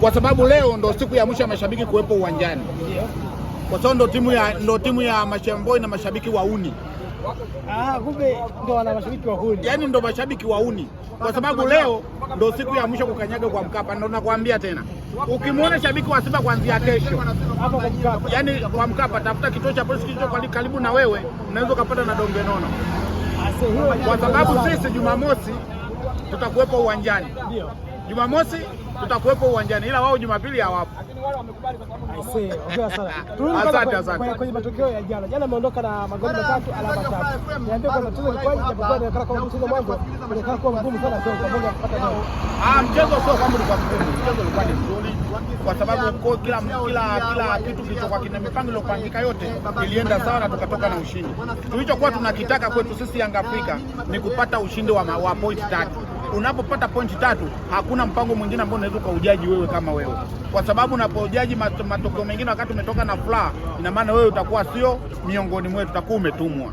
kwa sababu leo ndo siku ya mwisho ya mashabiki kuwepo uwanjani, kwa sababu ndo timu ya ndo timu ya Mashamboi na mashabiki wa uni Ah, kumbe ndo wana mashabiki wa uni. Yaani ndo mashabiki wa uni kwa sababu leo ndo siku ya mwisho kukanyaga kwa Mkapa. Ndo nakwambia tena, ukimwona shabiki wa Simba kuanzia kesho yani kwa Mkapa, yaani kwa Mkapa, tafuta kituo cha polisi kilicho karibu na wewe, unaweza ukapata na donge nono, ah, kwa sababu sisi Jumamosi tutakuwepo uwanjani. Jumamosi tutakuwepo uwanjani, ila wao Jumapili hawapo. Ah, asante, asante. Kwenye matokeo ya jana, jana ameondoka na magoli matatu, alama tatu. Niambie mchezo mchezo mwanzo ulikuwa mgumu sana, kwa pamoja kupata Ah, mchezo sio kama ulikuwa mgumu, mchezo ulikuwa ni mzuri kwa sababu kila kila kila kitu kilichokuwa kina mipango iliyopangika yote ilienda sawa na tukatoka na ushindi. Tulichokuwa tunakitaka kwetu sisi Yanga Afrika ni kupata ushindi wa, wa point tatu unapopata pointi tatu, hakuna mpango mwingine ambao unaweza ukaujaji wewe kama wewe, kwa sababu unapojaji matokeo mengine wakati umetoka na furaha, ina maana wewe utakuwa sio miongoni mwetu, utakuwa umetumwa.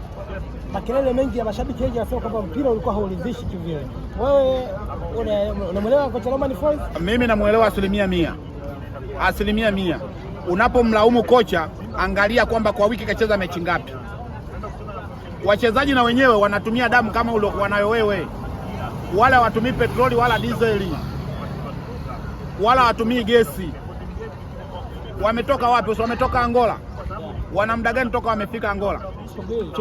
Makelele mengi ya mashabiki wengi wanasema kwamba mpira ulikuwa hauridhishi kivile. Wewe unamwelewa kocha Roman Folz? Mimi namwelewa asilimia mia, asilimia mia. Unapomlaumu kocha, angalia kwamba kwa wiki kacheza mechi ngapi. Wachezaji na wenyewe wanatumia damu kama uliokuwa nayo wewe wala watumii petroli wala dizeli wala watumii gesi. Wametoka wapi? Wametoka Angola. Wana muda gani toka wamefika Angola?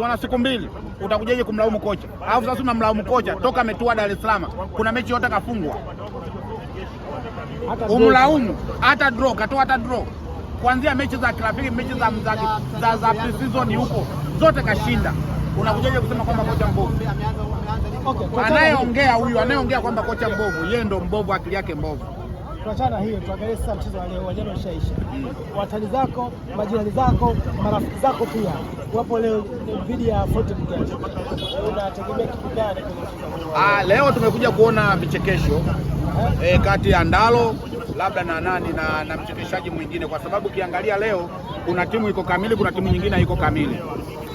Wana siku mbili. Utakujaje kumlaumu kocha? Alafu sasa unamlaumu kocha toka ametua Dar es Salaam, kuna mechi yote kafungwa umlaumu hata draw, katoa hata draw kuanzia mechi za kirafiki mechi za za, za, za pre-season huko zote kashinda, unakujaje kusema kwamba kocha okay, anayeongea huyu anayeongea kwamba kocha mbovu, yeye ndo mbovu, akili yake mbovu. Tuachana hiyo, tuangalie sasa mchezo wa leo. Wajana ushaisha, watani zako, majirani zako, marafiki zako pia wapo leo dhidi ya Fountain Gate. Unategemea kitu gani? Ah, leo tumekuja kuona vichekesho eh, kati ya Ndalo labda na nani na, na mchekeshaji mwingine, kwa sababu ukiangalia leo kuna timu iko kamili, kuna timu nyingine haiko kamili.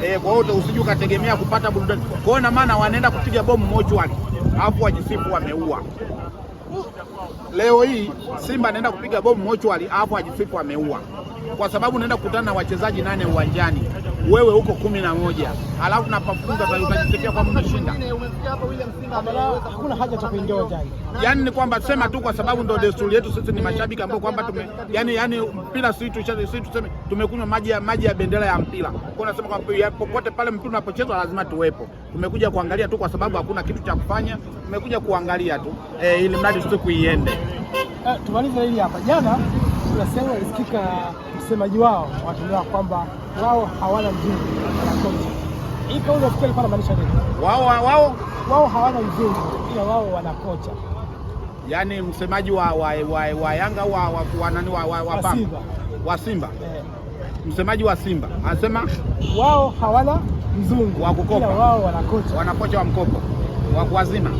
Eh, kwa hiyo usije ukategemea kupata burudani. Kwa hiyo na maana wanaenda kupiga bomu mochwali alafu wajisifu wameua. Leo hii Simba anaenda kupiga bomu mochwali alafu wajisifu wameua, kwa sababu naenda kukutana na wachezaji nane uwanjani wewe huko kumi na moja alafu napafunga utajitetea kwamba umeshinda. Hakuna haja cha kuingia uwanjani, yani ni kwamba sema tu, kwa sababu ndio desturi yetu sisi, ni mashabiki ambao kwamba tume yani yani mpira sisi tuseme tumekunywa maji ya maji ya bendera ya mpira, kwa nasema kwamba popote pale mpira unapochezwa lazima tuwepo. Tumekuja kuangalia tu, kwa sababu hakuna kitu cha kufanya, tumekuja kuangalia tu e, ili mradi siku iende. Eh, tumalize hili hapa. Jana tunasema isikika msemaji wao wakidai kwamba wao hawana mzingo ila kocha. Ilikuwa maanisha nini? Wao wao wao hawana mzungu ila wao wana kocha, yaani msemaji wa wa wa, wa Yanga au wa, wa, nani wa, wa, wa Simba, wa Simba eh. Msemaji wa Simba anasema wao hawana mzungu wa kukopa, wao wana kocha, wana kocha wa mkopo wa kuwazima.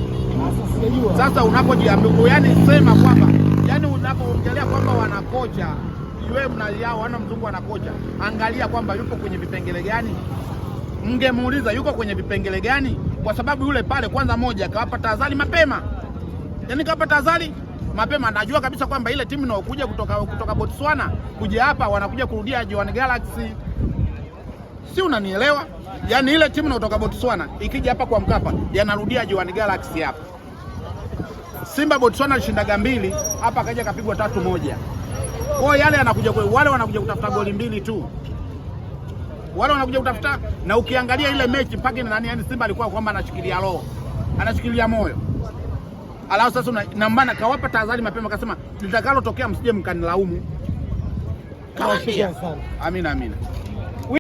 Sasa unapojiambia, yani, sema kwamba, yani unapoongelea kwamba wana kocha wewe mnalia wana mzungu anakoja, angalia kwamba yupo kwenye vipengele gani. Mngemuuliza yuko kwenye vipengele gani, kwa sababu yule pale kwanza, moja yaani kawapa tahadhari mapema, yani kawapa tahadhari mapema. Najua kabisa kwamba ile timu inayokuja kutoka, kutoka Botswana kuja hapa wanakuja kurudia Jwaneng Galaxy, si unanielewa? Yani ile timu inayotoka Botswana ikija hapa kwa Mkapa yanarudia Jwaneng Galaxy hapa. Simba Botswana alishindaga mbili hapa, akaja kapigwa tatu moja kwao yale anakuja kwa wale wanakuja kutafuta goli mbili tu, wale wanakuja kutafuta. Na ukiangalia ile mechi mpaka na nani, yani Simba alikuwa kwamba anashikilia roho, anashikilia moyo, alafu sasa na maana kawapa tahadhari mapema, kasema litakalotokea msije mkanilaumu. sana, Amina, amina.